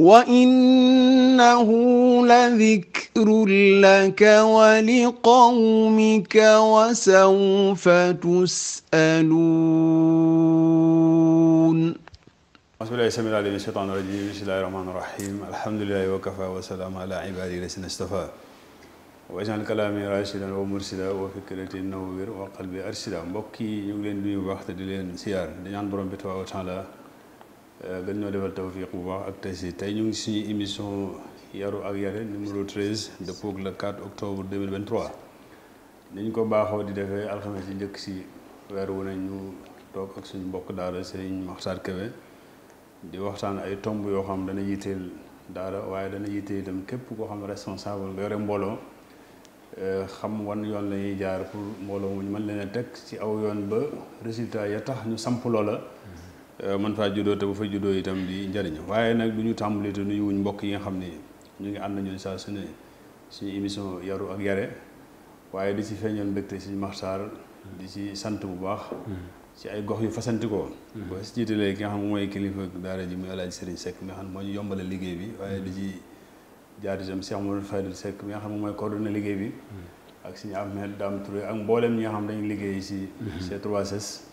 وإنه لذكر لك ولقومك وسوف تسألون أعوذ بالله السميع العليم من الشيطان الرجيم بسم الله الرحمن الرحيم الحمد لله وكفى وسلام على عباده الذين اصطفى واجعل كلامي راشدا ومرشدا وفكرتي نور وقلبي أرشدا mbokk yi ñu ngi leen di nuyu waxtu di leen siyaar di ñaan borom bi tabaaraka wa taala gën euh, ñoo defal tawfiq bu baax ak tey tey ñu ngi suñu émission yaru ak yare numéro 13 dëppoog le 4 octobre 2023 niñ ko baaxoo di defee alxames yi njëkk si weer wu ne ñu toog ak suñu mbokk daara Serigne Makhtar Kébé di waxtaan ay tomb yoo xam dana yitteel daara waaye dana yitteel itam képp koo xam responsable nga yore mbooloo euh, xam wan yoon la ñuy jaar pour mbooloo mu ñu mën leen teg ci aw yoon ba résultat ya tax ñu samp loola Euh, mën faa juddoo te bu fa juddoo itam di njëriñu waaye nag du ñu tàmbali te nuyu wuñ mbokk yi nga xam ni ñu ngi am na ñun saa su suñu émission yaru ak yare waaye di ci feeñal mbégte si maxtaar di ci sant bu baax hmm. ci ay gox yu fasantikoo hmm. ba si jiitalee ki nga xam mooy kilifa daara ji muy Alaaji Serigne Seck mi nga xam moo ñu yombale liggéey bi waaye di ci jaar itam Cheikh Mouhamadou Fadil Seck mi nga xam mooy coordonné liggéey bi hmm. ak suñu Ahmed Dame Touré ak mbooleem ñi nga xam dañu liggéey si c 3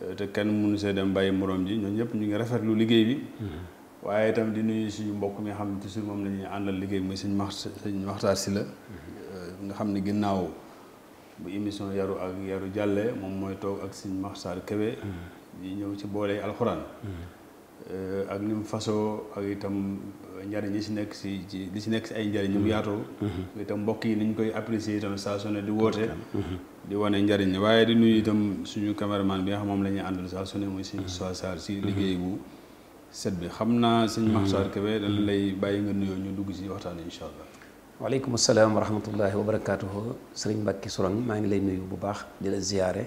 Euh, te kenn munu see dem bàyyi morom ji ñoom ñëpp ñu ngi rafetlu liggéey bi. Mm-hmm. waaye itam di nuyu suñu mbokk mi nga xam ne toujours moom lañuy ñuy àndal liggéey muy suñu max suñu waxtaan si la. Mm-hmm. Euh, nga xam ni ginnaaw bu émission yaru ak yaru jàlle moom mooy toog ak suñu maxtaar Kébé. Mm-hmm. di ñëw ci boole alxuraan. Euh, ak ni mu fasoo ak itam njariñ li si nekk si ci li si nekk si ay njariñ ñu yaatoo. itam mbokk yi ni ñu koy apprécier itam saa su di woote. di wane njariñ la waaye di nuyu itam suñu caméraman bi nga xam moom la ñuy àndal saa su ne muy sëñ Moussa mm-hmm. Sarr si mm-hmm. liggéey bu set bi xam naa sëñ mm-hmm. Maxtaar Kebe dañ lay bàyyi nga nuyoo ñu dugg si waxtaan incha allah. waaleykum salaam wa rahmatullahi wa barakaatuhu sëriñ Mbàkke Sourang maa ngi lay nuyu bu baax di la ziyaare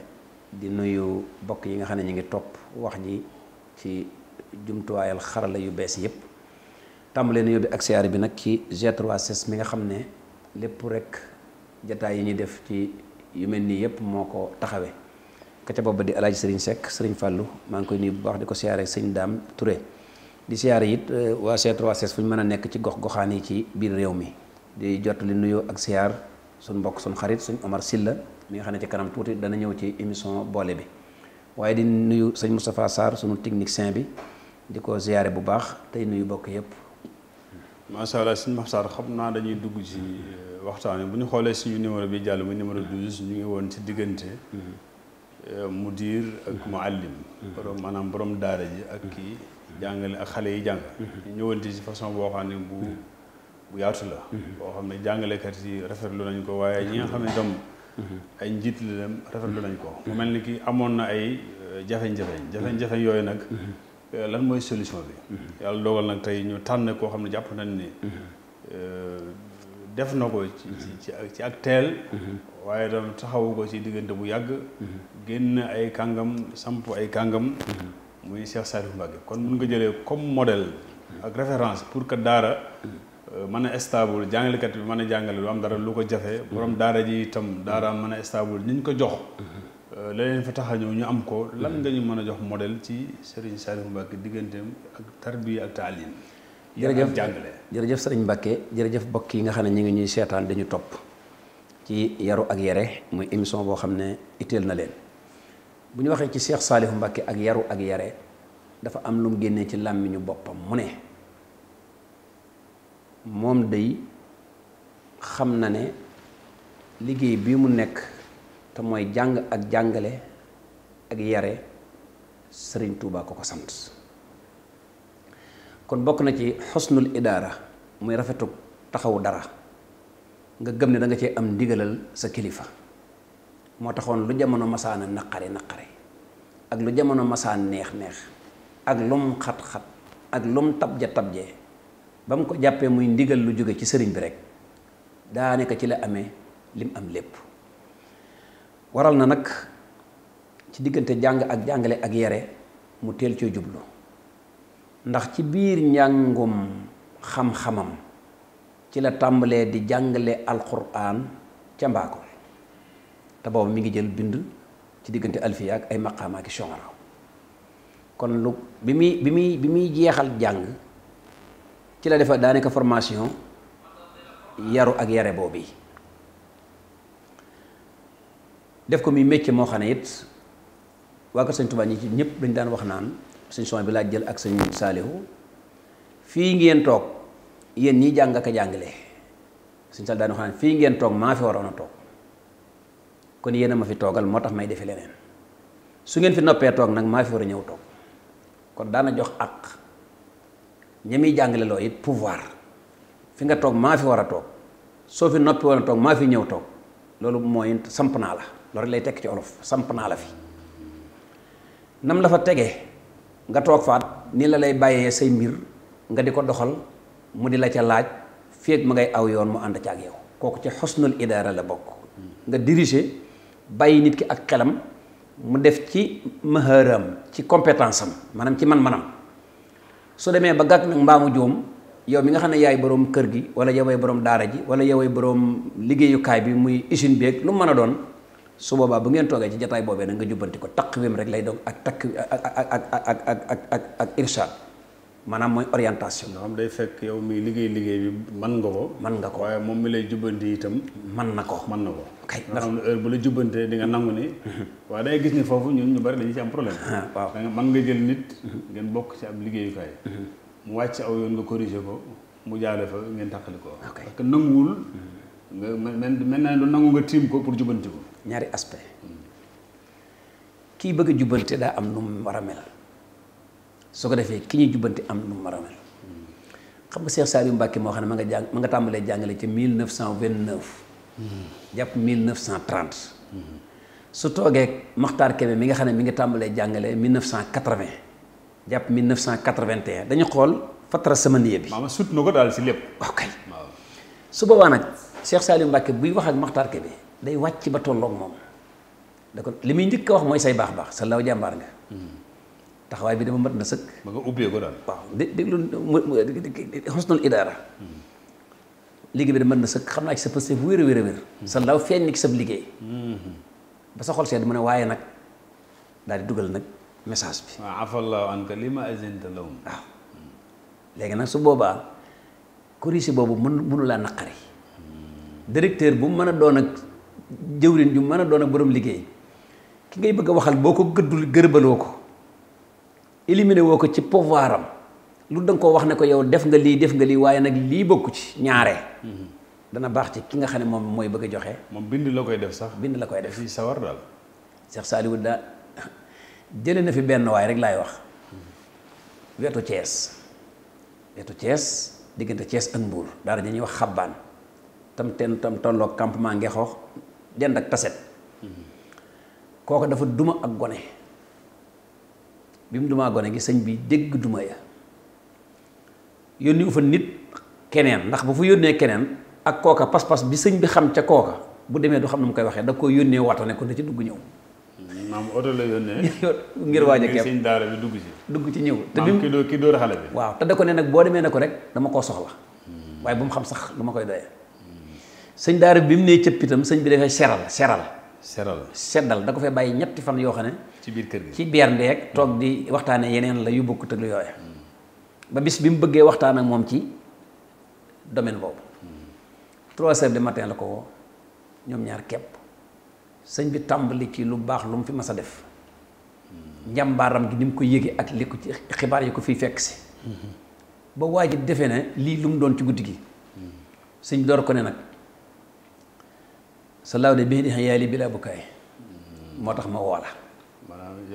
di nuyu bokk yi nga xam ne ñu ngi topp wax ji ci jumtuwaayal xarala yu bees yépp tàmbalee nuyoo bi ak siyaare bi nag ci g 3 mi nga xam ne lépp rek jataay yi ñuy def ci yu mel nii yëpp moo ko taxawee ka ca booba di alaaji sëriñ Seck sëriñ Fallou maa ngi koy nuyu bu baax di ko siyaare sëñ Dame Touré di siyaare it euh, waa C3S fu ñu mën a nekk ci gox goxaan yi ci biir réew mi di jot li nuyoo ak siyaar suñ mbokk suñ xarit suñ Omar Silla mi nga xam ne ci kanam tuuti dana ñëw ci émission boole bi waaye di nuyu sëñ Moustapha Sarr suñu technicien bi di ko siyaare bu baax tey nuyu bokk yëpp macha allah sëñ Moustapha Sarr waxtaanee bu ñu xoolee suñu numéro bi jàll muy numéro 12 ñu ngi woon ci diggante mm-hmm. euh, mudir ak mm-hmm. muallim mm-hmm. borom maanaam borom daara ji ak kii jàngale ak xale yi jàng ñu ñëwante ci façon boo xam ne bu bu yaatu la koo xam ne jàngalekat yi rafetlu nañ ko waaye ñi nga xam ne tam ay njiit la dem rafetlu nañ ko mu mel ni ki amoon na ay jafeñ-jafeñ euh, jafeñ-jafeñ yooyu nag euh, lan mooy solution bi yàlla dogal nag tey ñu tànn koo xam ne jàpp nañ ni def na ko ci ci ci ak teel mhm. waaye tam taxawu ko ci diggante bu yàgg mhm. génn ay kàngam samp ay kàngam mhm. muy Cheikh Salif Mbacké kon mun nga jëlee comme modèle ak référence pour que daara euh, mën a stable jàngalekat bi mën a jàngale lu am dara lu ko jafe borom daara ji itam daara mën a stable ñu ko jox euh, la leen fa tax ñëw ñu am ko lan nga ñu mën a jox model ci Serigne Salif Mbacké digganteem ak tarbiya ak taalim jërëjëf jàngale jërëjëf sëriñ Mbacke jërëjëf bokk yi nga xam ne ñu ngi ñuy seetaan dañu topp ci yaru ak yare muy émission boo xam ne itteel na leen bu ñu waxee ci Cheikh Saliou Mbacke ak yaru ak yare dafa am lu mu génnee ci làmmiñu boppam mu ne moom day xam na ne liggéey bii mu nekk te mooy jàng ak jàngale ak yare sëriñ Touba ko ko sant kon bokk na ci xusnul idaara muy rafetu taxawu dara nga gëm ne da nga cee am ndigalal sa kilifa moo taxoon lu jamono masaan naqari naqari ak lu jamono masaan neex-neex ak lum xat-xat ak lum tabja tabje ba mu ko jàppee muy ndigal lu jóge ci sëriñ bi rek daanaka ci la amee lim am lépp waral na nag ci diggante jàng ak jàngale ak yare mu teel coo jublu ndax ci biir njàngum xam-xamam ci la tàmbalee di jàngale alquran ca mbaakol te boobu mi ngi jël bind ci diggante alfiya ak ay maqaama ak shongara kon lu bi muy bi muy bi muy jeexal jàng ci la defa daanaka formation yaru ak yare boobu def ko muy métier moo xam ne it waa ko Sëñ Tuubaa ñi ci ñëpp dañ daan wax naan sëñ son bi laaj jël ak sëñ saalihu fii ngeen toog yéen ñii jàng jàngale sëñ sal daanu fii ngeen toog maa fi waroon a toog kon yéen ma fi toogal moo tax may defe leneen su ngeen fi noppee toog nag maa fi war a ñëw toog kon daana jox ak ña muy jàngale it pouvoir fi nga toog maa fi war a toog soo fi noppi a toog maa fi ñëw toog loolu mooy samp naa la loolu lay tekk ci olof samp naa la fi nam la fa tege nga toog faat nii la lay bàyyee say mbir nga di ko doxal mu di la ca laaj feeg ma ngay aw yoon mu ànd ca ak yow kooku ca ci nul idaara la bokk nga diriger bàyyi nit ki ak xelam mu def ci mahaaram ci compétence am maanaam ci man-manam su demee ba gàkk nag mbaamu joom yow mi nga xam ne yaay boroom kër gi wala yoway boroom daara ji wala yoway boroom liggéeyukaay bi muy usine beeg lu mu mën a doon su boobaa bu ngeen toogee ci jataay boobee nag nga jubbanti ko taqwim rek lay doon ak takk ak ak ak ak ak ak irshad maanaam orientation. nga day fekk yow mi liggéey liggéey bi mën nga ko. man nga ko waaye moom mi lay jubbanti itam. man na ko mën na ko. kay ndax heure bu la jubbantee di nga nangu ni. waaye day gis ni foofu ñun ñu bari dañu ci am waaw da nga mën nga jël nit. ngeen bokk ci ab liggéeyukaay. mu wàcc aw yoon nga corriger ko mu jaale fa ngeen tàqali ko. parce que nanguwul. nga mel mel naa lu nangu nga tiim ko pour jubbanti ko. ñaari aspect kii bëgg a jubbante daa am nu mu war a mel su ko defee ki ñu jubbante am nu mu xam nga Cheikh Saliou Mbacké moo xam ne ma nga jàng ma nga tàmbalee jàngale ci 1929. jàpp 1930. su toogee Makhtar Kébé mi nga xam ne mi nga tàmbalee jàngale 1980 jàpp 1981 dañu xool fatara samaniya bi. maanaam sut na ko daal si lépp. ok su boobaa nag Cheikh Saliou Mbacké buy wax ak Makhtar Kébé. day wàcc ba tolloog moom da ko li muy njëkk a wax mooy say baax baax sa law jàmbaar nga hmm. taxawaay bi dama mat na sëkk ba nga ubbee ko daal waaw dé déglu xosnul idaara hmm. liggéey bi da mën na sëkk xam naa ci sa pëste bu wér a wér wér hmm. sa law feeñ ni ki sab liggéey ba sa xol see seet ma ne waaye nag daal di dugal nag message bi waaw afallahu anka lima azinta lahum waaw léegi nag su boobaa korisi boobu mën mënu laa naqari directeur bu mu mën a doon ak jëwrin ju mën a doon a borom liggéey ki ngay bëgg a waxal boo ko gëddu gërbaloo ko éliminé woo ko ci pouvoir lu da nga koo wax ne ko yow def nga lii def nga lii waaye nag lii bokku ci ñaare. Mm-hmm. dana baax ci ki nga xam ne moom mooy bëgg a joxe. moom bind la koy def sax. bind la koy def fii sawar daal. Cheikh na fi benn waay rek laay wax. Mm-hmm. wetu Thiès. wetu Thiès diggante Thiès ak Mbour daara dañuy wax xabbaan tam ten tam tolloo campement ngexoox dend ak taset kooka dafa duma ak gone bi mu dumaa gone gi sëñ bi dégg duma ya yónni u fa nit keneen ndax bu fu yónnee keneen ak kooka pas-pas bi sëñ bi xam ca kooka bu demee du xam nu mu koy waxee da ko yónnee wata ne ko na ci dugg ñëw maam oto la yónnee ngir waaj a kepp dugg ci dugg ci ñëw te bi mu ki dóor xale bi waaw te da ko ne nag boo demee ne ko rek dama koo soxla hmm. waaye bu mu xam sax lu ma koy doyee sëñ daara bi mu nee cëpp sëñ bi dafay seral seral seddal da ko fee bàyyi ñetti fan yoo xam ne ci biir kër gi ci biir ndeeg toog di waxtaane yeneen la yu bokkut ak lu yooya ba bis bi mu bëggee waxtaan ak moom ci domaine boobu trois heures du matin la ko woo ñoom ñaar kepp sëñ bi tàmbali ci lu baax lu mu fi mas a def njàmbaaram gi ni mu ko yéege ak li ko ci xibaar yi ko fiy fekk si mm-hmm. ba waa ji defe ne lii lu mu doon ci guddi gi sëñ door ko ne nag sa laaw de bii di xëy yaay bilaa bukkaay moo tax ma woola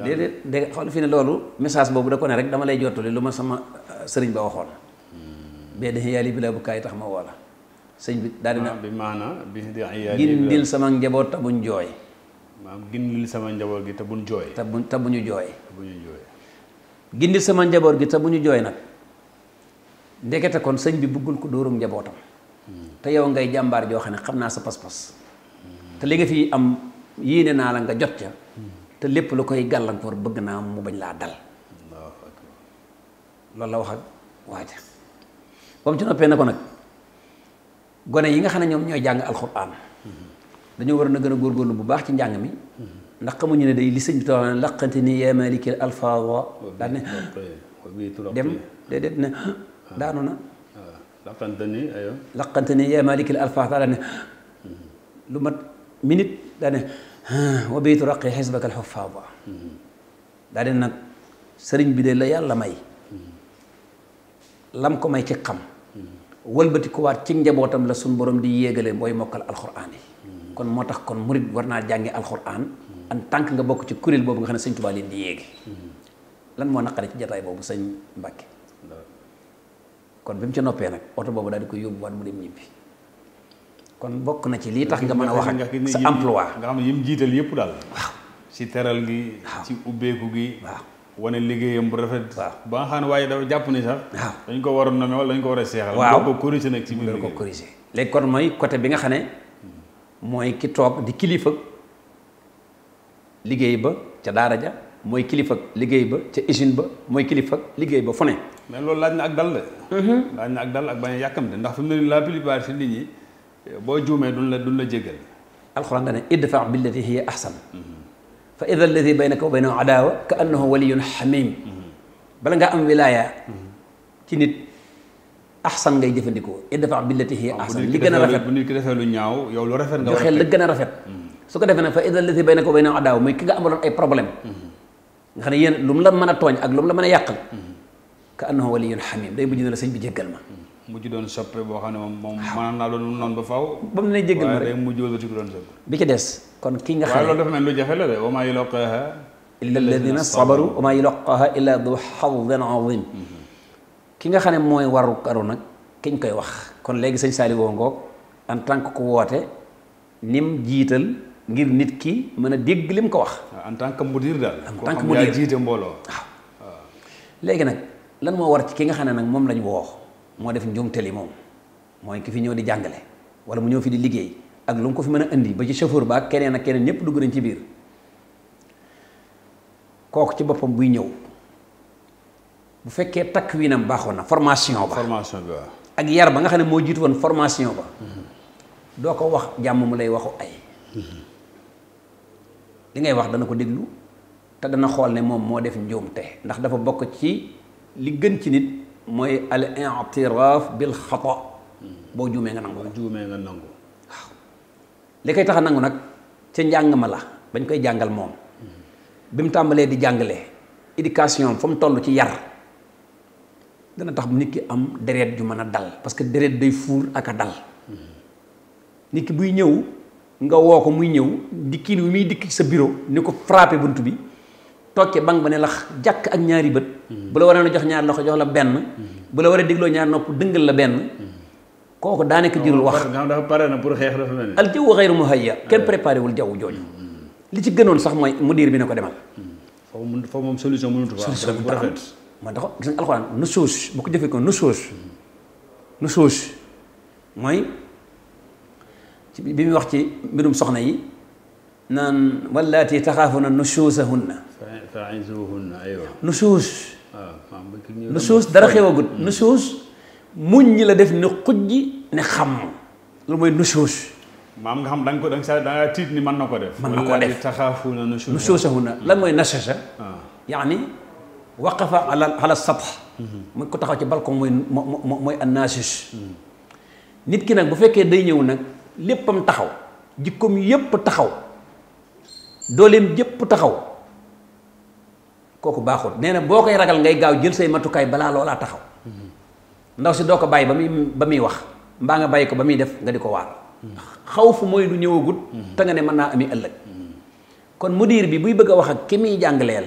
déedéet dégg xool fi ne loolu message boobu da ko ne rek dama lay jottali lu ma sama uh, sëriñ ba waxoon bee di xëy yaay bilaa bukkaay tax ma woola sëñ bi daal dina maana bi di gindil sama njaboot te buñ jooy maanaam sama njaboot gi te buñ jooy te buñ te buñu jooy gindil sama njaboot gi te bu ñu jooy nag ndekete kon sëñ bi buggul ko dóorum njabootam hmm. te yow ngay jàmbaar joo xam ne xam naa sa pas-pas te li nga fi am yéene naa la nga jot ca te lépp lu koy gàllankoor bëgg naa mu bañ laa dal loolu la wax ak waaja ba ci noppee na ko nag gone yi nga xam ne ñoom ñooy jàng alxuraan dañoo waroon a gën a góor góorgóorlu bu baax ci njàng mi ndax xamuñu ne day li sëñ bi taxaw ne laqante ni yaa maalikal alfaawa daan ne dem déedéet ne ne lu mat minute daa ne wa baytu raqi xisbaka alxufaada daa ne nag sëriñ bi de la yàlla may lam ko may ci xam wëlbati ko ci njabootam la suñ borom di yéegalee booy mokkal alxuraan yi kon moo tax kon murit war naa jàngi alxuraan en tànk nga bokk ci kuréel boobu nga xam ne sëñ Tuubaa leen di yéege lan moo naqari ci jataay boobu sëñ Mbàkke kon bi mu ci noppee nag oto boobu daa di yóbbu waat mu dem ñibbi kon bokk na ci lii tax nga mën a wax ak sa emploi nga xam ne yim jiital yëpp daal waaw ci teral gi ci ubbeeku gi waaw wane liggéeyam bu rafet waaw ba nga xam ne waaye dafa jàpp ni sax waaw dañ ko waroon nomé wala dañ ko war a seexal waaw ko corrigé nag ci biir ko corrigé léegi kon mooy côté bi nga xam ne hmm. mooy ki toog di kilifa liggéey ba ca daara ja mooy kilifa liggéey ba ca usine ba mooy kilifa liggéey ba fu ne mais loolu laaj na ak dal de mm-hmm. laaj na ak dal ak bañ a ndax fi la plupart boo juumee duñ la du la jéggal alxuraan dane idfa billati hiya ahsan fa ida alladi baynaka wa baynahu adaawa ka annahu waliyun xamim bala ngaa am wilaaya ci nit ahsan ngay jëfandikoo idfa billati hiya ah, ahsan li gën a rafet bu nit ki defee lu ñaaw yow lu rafet nga joxee la gën a rafet hmm. su ko defee nag fa ida alladi baynaka wa baynahu adaawa muy ki nga amaloon ay problème nga xam ne yéen lu mu la mën a tooñ ak lu mu la mën a yàqal hmm. ka annahu waliyun xamim day bu na la sëñ bi jéggal ma mujj doon soppe boo xam ne moom moom maanaam naa doon noonu ba faaw ba mu ne jéggal ma rek mujj wëlbatiku doon soppe bi ci des kon ki nga xam ne loolu dafa mel lu jafe la de illa alladina wa maa yulaqaaha illa du xadin ki nga xam ne mooy waru karu nag kiñ koy wax kon léegi sëñ Saliou woo en tant que ku woote nim jiital ngir nit ki mën a dégg lim ko wax en tant que mudir daal en tant que mudir mbooloo léegi nag lan moo war ci ki nga xam ne nag moom lañ woo moo def njuumte li moom mooy ki fi ñëw di jàngale wala mu ñëw fi di liggéey ak lu mu ko fi mën a indi ba ci chauffeur ba ak keneen ak keneen ñëpp dugg nañ ci biir kooku ci boppam buy ñëw bu fekkee takk mu baaxoon na formation ba bi ak yar ba nga xam ne moo jiitu woon formation ba doo ko wax jàmm mu lay waxu ay li ngay wax dana ko déglu te dana xool ne moom moo def njuumte ndax dafa bokk ci li gën ci nit mooy al i'tiraaf bil xata boo juumee nga nangu. boo juumee nga nangu. waaw li koy tax a nangu nag ca njàng ma la bañ koy jàngal moom mm-hmm. bi mu tàmbalee di jàngale éducation fa mu toll ci yar dana tax nit ki am deret ju mën a dal parce que deret day fuur ak a dal mm-hmm. nit ki buy ñëw nga woo ko muy ñëw dikkiin bi muy dikk ci sa bureau ni ko frappé bunt bi toog ca banque ba ne lax jàkk ak ñaari bët. bu la waroon a jox ñaar loxo jox la benn bu la war a digloo ñaar nopp dëngal la benn kooku daanaka jirul wax dafa pare na pour xeex dafa mel ni al jaww xayru muhayya kenn préparé wul jaww jooju mm, mm, mm. li ci gënoon sax mooy mudir bi ne ko demal foofu foofu moom solution mënut fa solution bu rafet moo tax gis nga alxuraan nusuus bu ko jëfee ko nusuus nusuus mooy bi muy wax ci mbirum soxna yi naan wallaati taxaafuna nusuusahunna na aywa nusuus nu suus dara xewagut nu suus muñ ñi la def ne xujj ne xam lu mooy nu suus maam nga xam da nga ko da nga tiit ni mën na ko def mën na ko def taxaafuna nu suusahu na lan mooy nasasa ah. yaani waqafa ala ala satax mu mhm. ko taxaw ci balcon mooy moo mooy annasus mhm. nit ki nag bu fekkee day ñëw nag léppam taxaw jikkoom yépp taxaw dooleem yépp taxaw kooku baaxul nee na boo koy ragal ngay gaaw jël say matukaay balaa loolaa taxaw ndaw si doo ko bàyyi ba muy ba muy wax mbaa nga bàyyi ko ba muy def nga di ko waar xaw fu mooy du ñëwagut te nga ne mën naa ami ëllëg kon mudir bi buy bëgg a wax ak ki muy jàngaleel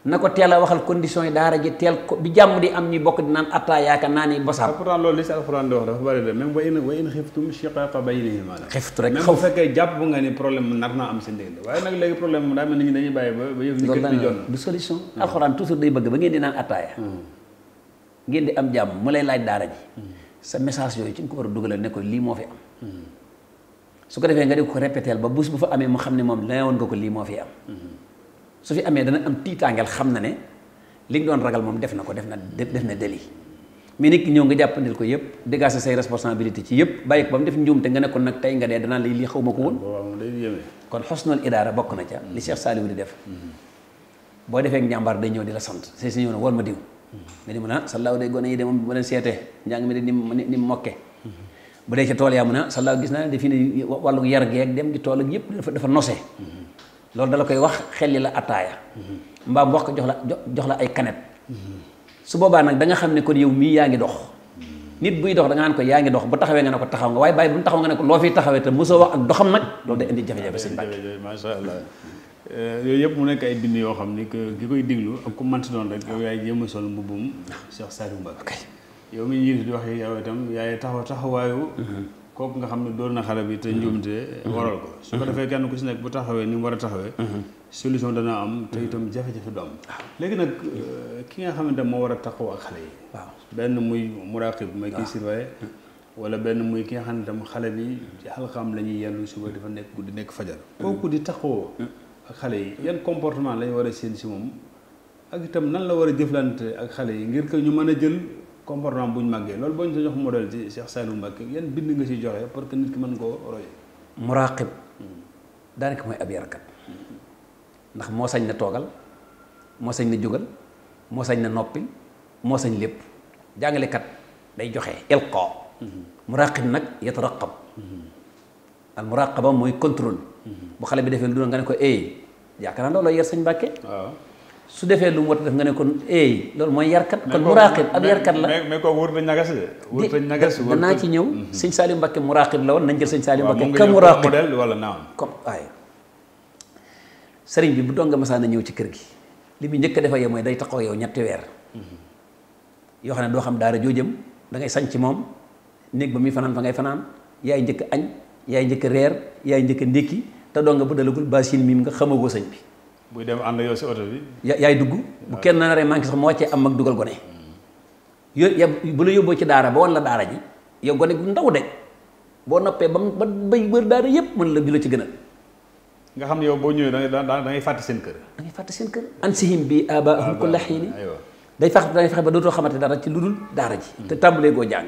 na ko teel a waxal condition yi daara ji teel ko bi jàmm di am ñuy bokk di naan attaayaaka naa ni bosaab pourtant loolu li si alxuraan di wax dafa bëri la même wa in wa in xiftum shiqaaqa baynihima la xiftu jàpp nga ni problème nar naa am seen diggante waaye nag léegi problème ba ba yëf ñi di ba ngeen di naan attaaya hmm. ngeen di am jàmm mu lay laaj daara ji sa message yooyu ci nga ko war a dugalal ne ko lii moo fi am hmm. su ko defee nga di ko répéteel ba bés bu fa amee mu xam ne moom la woon nga ko lii moo fi am hmm. su fi amee dana am tiitaangeel xam na ne li nga doon ragal moom def na ko def na def na délit mais nit ki ñëw nga jàppandil ko yëpp dégager say responsabilité ci yëpp bàyyi ko ba mu def njuum te nga nekkoon nag tey nga dee danaa lii xaw ma ko woon kon xosnul idaara bokk na ca li Cheikh Saliou di def mm-hmm. boo defee njàmbaar day ñëw di la sant say si ñëw ne war ma diw mm-hmm. nga di mun a salaaw day gone yi de moom bi ma leen seetee njàng mi de ni ni mu mokke mm-hmm. bu dee ca tool yaa mun a salaaw gis naa ne wàllu yar geeg dem tool ak yëpp dafa dafa nosee loolu dala koy wax xel la ataaya mbaam wax ko jox la jox la ay canette su boobaa nag da xam ne kon yow mii yaa ngi dox nit buy dox da nga naan ko yaa ngi dox bu taxawee nga ne ko taxaw nga waaye bàyyi bu mu taxaw nga ne ko loo fiy taxawee te mosoo doxam nag loolu day indi jafe-jafe sëñ Mbàkke macha allah eh, yëpp mu nekk ay bind yoo xam ni ki koy diglu ak ku mënti doon rek yow yaay jéem a sol mbubbum Cheikh Saliou Mbacke yow mi ñu di wax yow itam yaay taxaw taxawaayu mhm. kooku nga xam ne dóor na xale bi te njuumte waral ko su ko defee kenn ku si nekk bu taxawee ni mu war a taxawee solution dana am te itam jafe-jafe du léegi nag euh, ki nga xamante moo war a taxaw ak xale yi waaw benn muy muraqib mooy wala benn muy ki nga xam ne tam xale bi ci xalxaam la ñuy yellu suba dafa nekk guddi nekk fajar kooku di taxawoo ak xale yi yan comportement lañ war a seen si moom ak itam nan la war a jëflante ak xale yi ngir que ñu mën a jël comportement bu ñu màggee loolu boo ñu sa jox modèle ci Cheikh Saliou Mbacké yan bind nga ci joxe pour que nit ki mën koo roy. muraqib hmm. daanaka mooy ab yarkat ndax moo sañ na toogal moo sañ na jógal moo sañ na noppi moo sañ lépp jàngalekat day joxe ilqa hmm. muraqib nag yataraqab hmm. al muraqaba mooy contrôle bu xale bi defee lu doon nga ne ko eh yaakaar naa loolu yar sëñ Mbacké waaw su defee lu mu wat def nga ne kon eey loolu mooy yarkat kon muraqib ab yarkat la mais mais kooku wër dañ nagas de danaa ci ñëw mm-hmm. sëñ Saliou Mbacké muraqib la woon nañ jël sañ Saliou Mbacké ka muraqib modèle wala naam comme waaye sëriñ bi bu donga masaana ñëw ci kër gi li muy njëkk a defa mooy day taxaw yow ñetti weer mm-hmm. yoo xam ne doo xam daara joo jëm da sañ ci moom néeg ba muy fanaan fa ngay fanaan yaay njëkk añ yaay njëkk reer yaay njëkk ndékki te donga bu dalagul basin miim nga xamagoo sëñ bi buy dem ànd yow si oto bi. yaay dugg bu kenn naree manqué sax moo ci am ak dugal gone. yo bu la yóbboo ci daara ba wan la daara ji yow gone bu ndaw de boo noppee ba mu ba bay wër daara yëpp mën la bi la ci gënal. nga xam ne yow boo ñëwee da ngay da ngay seen kër. da fàtte seen kër. ansihim bi abaahum kulla xiini day fex day fexe ba dootoo xamante dara ci lu dul daara ji. Hmm. te tàmbalee goo jàng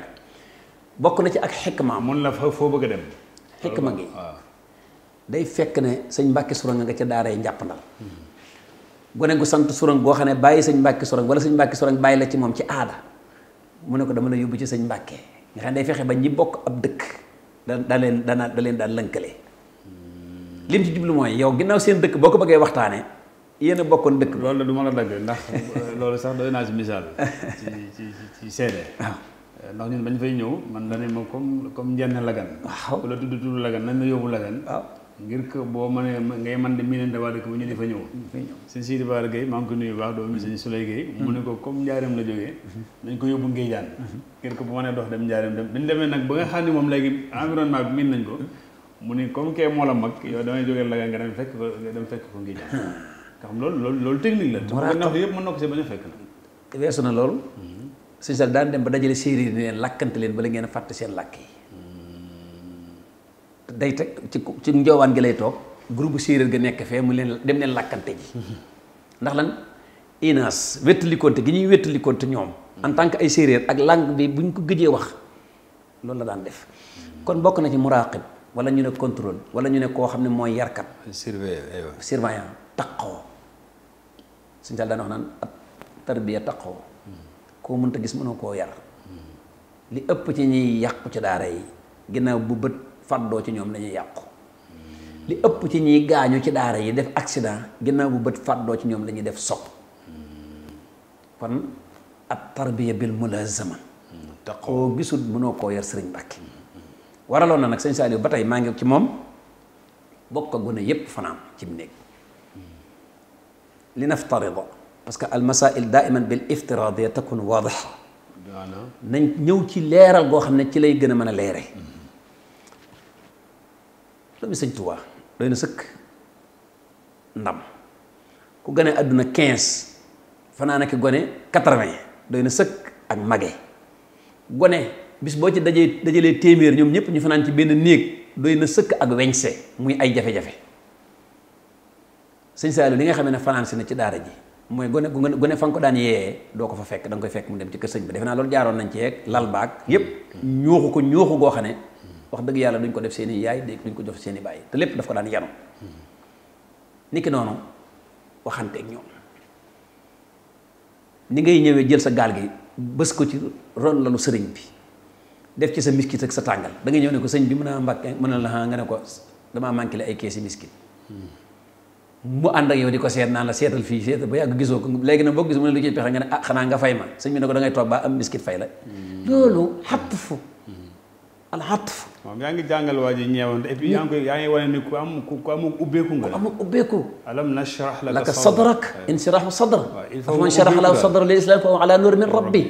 bokk na ci ak xikma. mun la fa foo bëgg a dem. xikma gi ah. day fekk ne sëñ mbàkki surang nga ca daaree njàppandal gone gu sant surang boo xam ne bàyyi sañ mbàkki surang wala sëñ mbàkki surang bàyyi la ci moom ci aada mu ne ko dama la yóbbu ci sëñ mbàkke day fexe ba ñi bokk ab dëkk da da leen dana da leen daan lënkale lim jublu mooy yow ginnaaw seen dëkk boo ko bëggee waxtaanee yéen a bokkoon dëkk loolu la du ma la ndax loolu sax doy naa ci misaal bañ ñëw ma comme comme njenn lagan waaw la tudd tudd lagan nañ ma yóbbu lagan waaw ngir ko boo mënee ngay man di miinante waa dëkk bu ñu di fa ñëw sëñ Sidi Bara Gueye maa ngi ko nuyu baax doomu sëñ Souley Gueye mm-hmm. mu ne ko comme njaareem la jógee mm-hmm. dañ ko yóbbu Ngéejaan mm-hmm. ngir bu mënee dox dem njaareem dem dañ demee nag ba nga xam ne moom léegi environnement bi miin nañ ko mu ne comme kee moo la mag nga dem fekk ko fekk ko Ngéejaan nga xam loolu loolu loolu technique la te na yëpp mën na ko si bañ a fekk na weesu na loolu sëñ Sall daan dem ba dajalee séeréer ni leen lakkante leen bala ngeen fàtte seen làkk yi day teg ci ci njoowaan gi lay toog groupe séeréer ga nekk fee mu leen dem leen lakkante ji ndax lan inaas wettalikonte gi ñuy wettalikonte ñoom en tant que ay séeréer ak langue bi bu buñ ko gëjee wax loolu la daan def kon bokk na ci muraqib wala ñu ne contrôle wala ñu ne koo xam ne mooy yarkat surveillant taqoo suñu sal daan wax naan ab tarbiya taqoo koo mënta gis mënoo koo yar li ëpp ci ñuy yàqu ci daara yi ginnaaw bu bët fàddoo ci ñoom lañuy yàqu li ëpp ci ñiy gaañu ci daara yi def accident ginnaaw bu bët fàddoo ci ñoom lañuy def sob kon at tarbiya bil te koo gisul mënoo koo yar sëriñ Mbàkke waraloon na nag sëñ Saliou ba tey maa ngi ci moom bokk gone yépp fanaam ci mu néeg li naftarida parce que al masail daiman bil iftiradiya takun nañ ñëw ci leeral goo xam ne ci lay gën a mën a leere doomi sëñ Tuubaa doy na sëkk ndam ku gane àdduna quinze fanaan ak gone quatre-vingt doy na sëkk ak mage gone bis boo ci dajee dajalee téeméer ñoom ñëpp ñu fanaan ci benn néeg doy na sëkk ak weñse muy ay jafe-jafe sëñ Saliou li nga xam ne fanaan si na ci daara ji mooy gone gone fa ko daan yee doo ko fa fekk da koy fekk mu dem ci kër sëñ ba defe naa loolu jaaroon nañ ci yeeg lal baag yépp ñooxu ko ñooxu goo xam wax dëgg yàlla duñ ko def seen i yaay duñ ko def seen i baay te lépp daf ko daan yanu niki noonu waxanteeg ñoom ni ngay ñëwee jël sa gaal gi bës ko ci ron lalu sëriñ bi def ci sa miskit ak sa tàngal da nga ñëw ne ko sëñ bi mën a mbàkke mën a la ah, nga ne ko damaa manqué ay keesi miskit mu ànd ak yow di ko seet naan la seetal fii seetal ba yàgg gisoo ko léegi nag boo gis mu ne lu ciy pexe nga ne ah xanaa nga fay ma sëñ bi ne ko da ngay toog ba am miskit fay la hmm. loolu xapp fu alxatf. waaw yaa ngi jàngal waa ji ñeewante et puis yaa ngi yaa ngi wane ni ku am ku amul ubbeeku nga. ku amul ubbeeku. alam nashrah laka sadrak inshirahu sadrak. waaw man sharaha lahu sadra lil islam fa huwa ala nur min rabbi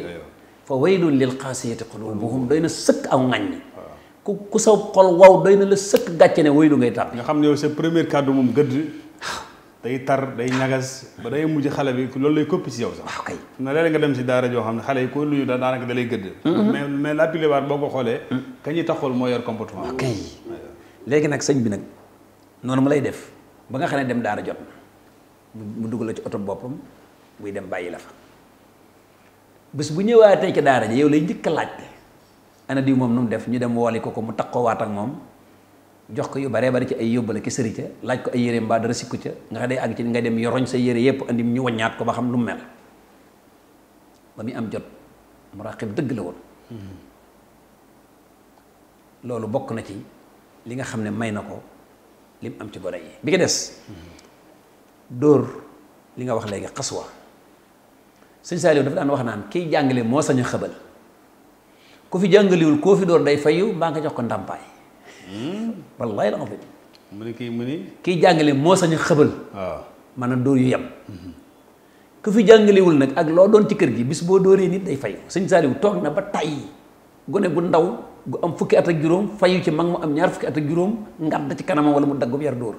fa waylun lil qasiyati qulubuhum doy na sëkk aw ŋàññi. ku ku sa xol wow doy na la sëkk gàcce ne waylu ngay tàbbi. nga xam ne yow sa premier kàddu moom gëdd. day tar day ñagas ba day mujj xale bi loolu lay koppi si yow sax. waaw ah, kay na léeg nga dem ci daara joo xam ne xale yi ko nuyu daanaka da lay gëdd. Mm-hmm. mais mais la plupart boo ko xoolee. ka ñuy taxawal moo yor comportement. waaw ah, kay léegi nag sëñ bi nag noonu mu lay def ba nga xam ne dem daara jot mu dugg la ci oto boppam muy dem bàyyi la fa bés bu ñëwaatee ci daara ji yow lay njëkk a laajte ana moom nu mu def ñu dem wooli ko ko mu takkoowaat ak moom. jox ko yu baree bari ci ay yóbbale ki sëri ca laaj ko ay yére mbaa dara sikku ca nga xam day àgg ci nga dem yoroñ sa yére yépp andim ñu waññaat ko ba xam lu mu mel ba muy am jot muraqib dëgg la woon loolu bokk na ci li nga xam ne may na ko lim am ci gone yi bi ki des dóor li nga wax léegi xaswa sëñ Saaliw dafa daan wax naan kiy jàngale moo sa a xëbal ku fi jàngaliwul koo fi dóor day fayu mbaa nga jox ko ndàmpaay wallaay la azim mu ni kii mu ni kii jàngale moo sañ a xëbal man a dóor yu yem ku fi jàngalewul nag ak loo doon ci kër gi bis boo dóoree nit day fay sëñ Saliou toog na ba tay gone gu ndaw gu am fukki at ak juróom fayu ci mag mu am ñaar fukki at ak juróom ngadd ci kanamam wala mu daggum yar dóor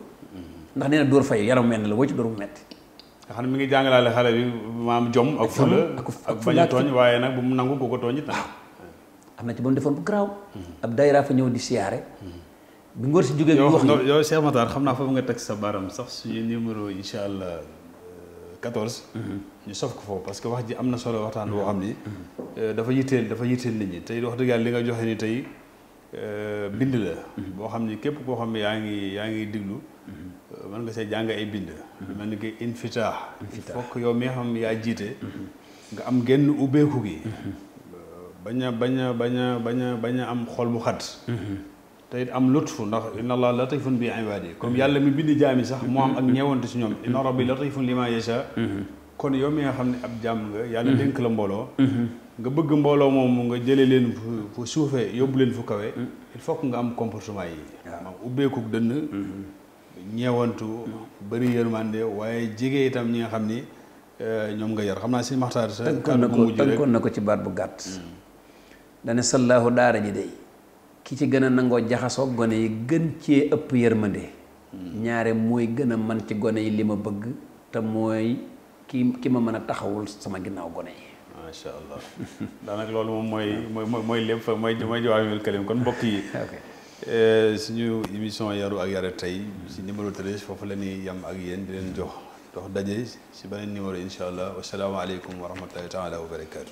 ndax nee na dóor fayu yaram mel na la woo ci dóor bu metti nga xam ne mi ngi jàngalaale xale bi maam jom ak fula ak bañ a tooñ waaye nag bu mu nangu ko ko tooñ am na ci ba mu defoon bu garaaw hmm. ñëw di siyaare hmm. bi ngóor si jógee wax yow yow Cheikh Matar xam naa foofu nga teg sa baram sax suñu numéro incha allah 14. Euh, mhm. ñu sof ko foofu parce que wax ji am na solo waxtaan boo mhm. xam ni. Mhm. Euh, dafa yitteel dafa yitteel nit ñi tey wax dëgg li nga joxe ni tey euh, bind la. boo xam ni képp boo xam ne yaa ngi yaa ngi diglu. mën nga see jàng ay bind. mel ni que infitaax. infitaax fokk yow mi nga xam yaa jiite. nga am genn ubbeeku gi. bañ a bañ a bañ a bañ a am xol bu xat. te it am lutfu ndax inna allah latifun bi ibaadi comme yàlla mi bind jaami sax moo am ak ñeewante si ñoom inna rabbi latifun lima yasha kon yow mi nga xam ne ab jàmm nga yàlla dénk la mbooloo nga bëgg mbooloo moom nga jëlee leen fu suufee yóbbu leen fu kawe il faut nga am comportement yi maam ubbeeku dënn ñeewantu bëri yërmande waaye jege itam ñi nga xam ni eh, ñoom nga yar xam naa si maxtaar sa tënkoon na ko tënkoon na ko ci baat bu gàtt hmm. dane sallahu ki ci gën a nangoo jaxasoo gone yi gën ci ëpp yërmande ñaare mooy gën a man ci gone yi li ma bëgg te mooy ki ki ma mën a taxawul sama ginnaaw gone yi macha allah daanaka loolu moom mooy mooy mooy lépp mooy mooy jawaamil kalim kon mbokk yi eh, suñu émission yaru ak yare tey si numéro 13 foofu la ñuy yam ak yéen di leen jox dox daje si beneen numéro incha allah wasalaamaaleykum wa rahmatullahi taala barakaatu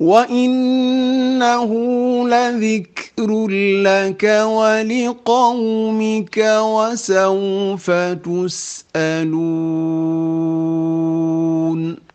وإنه لذكر لك ولقومك وسوف تسألون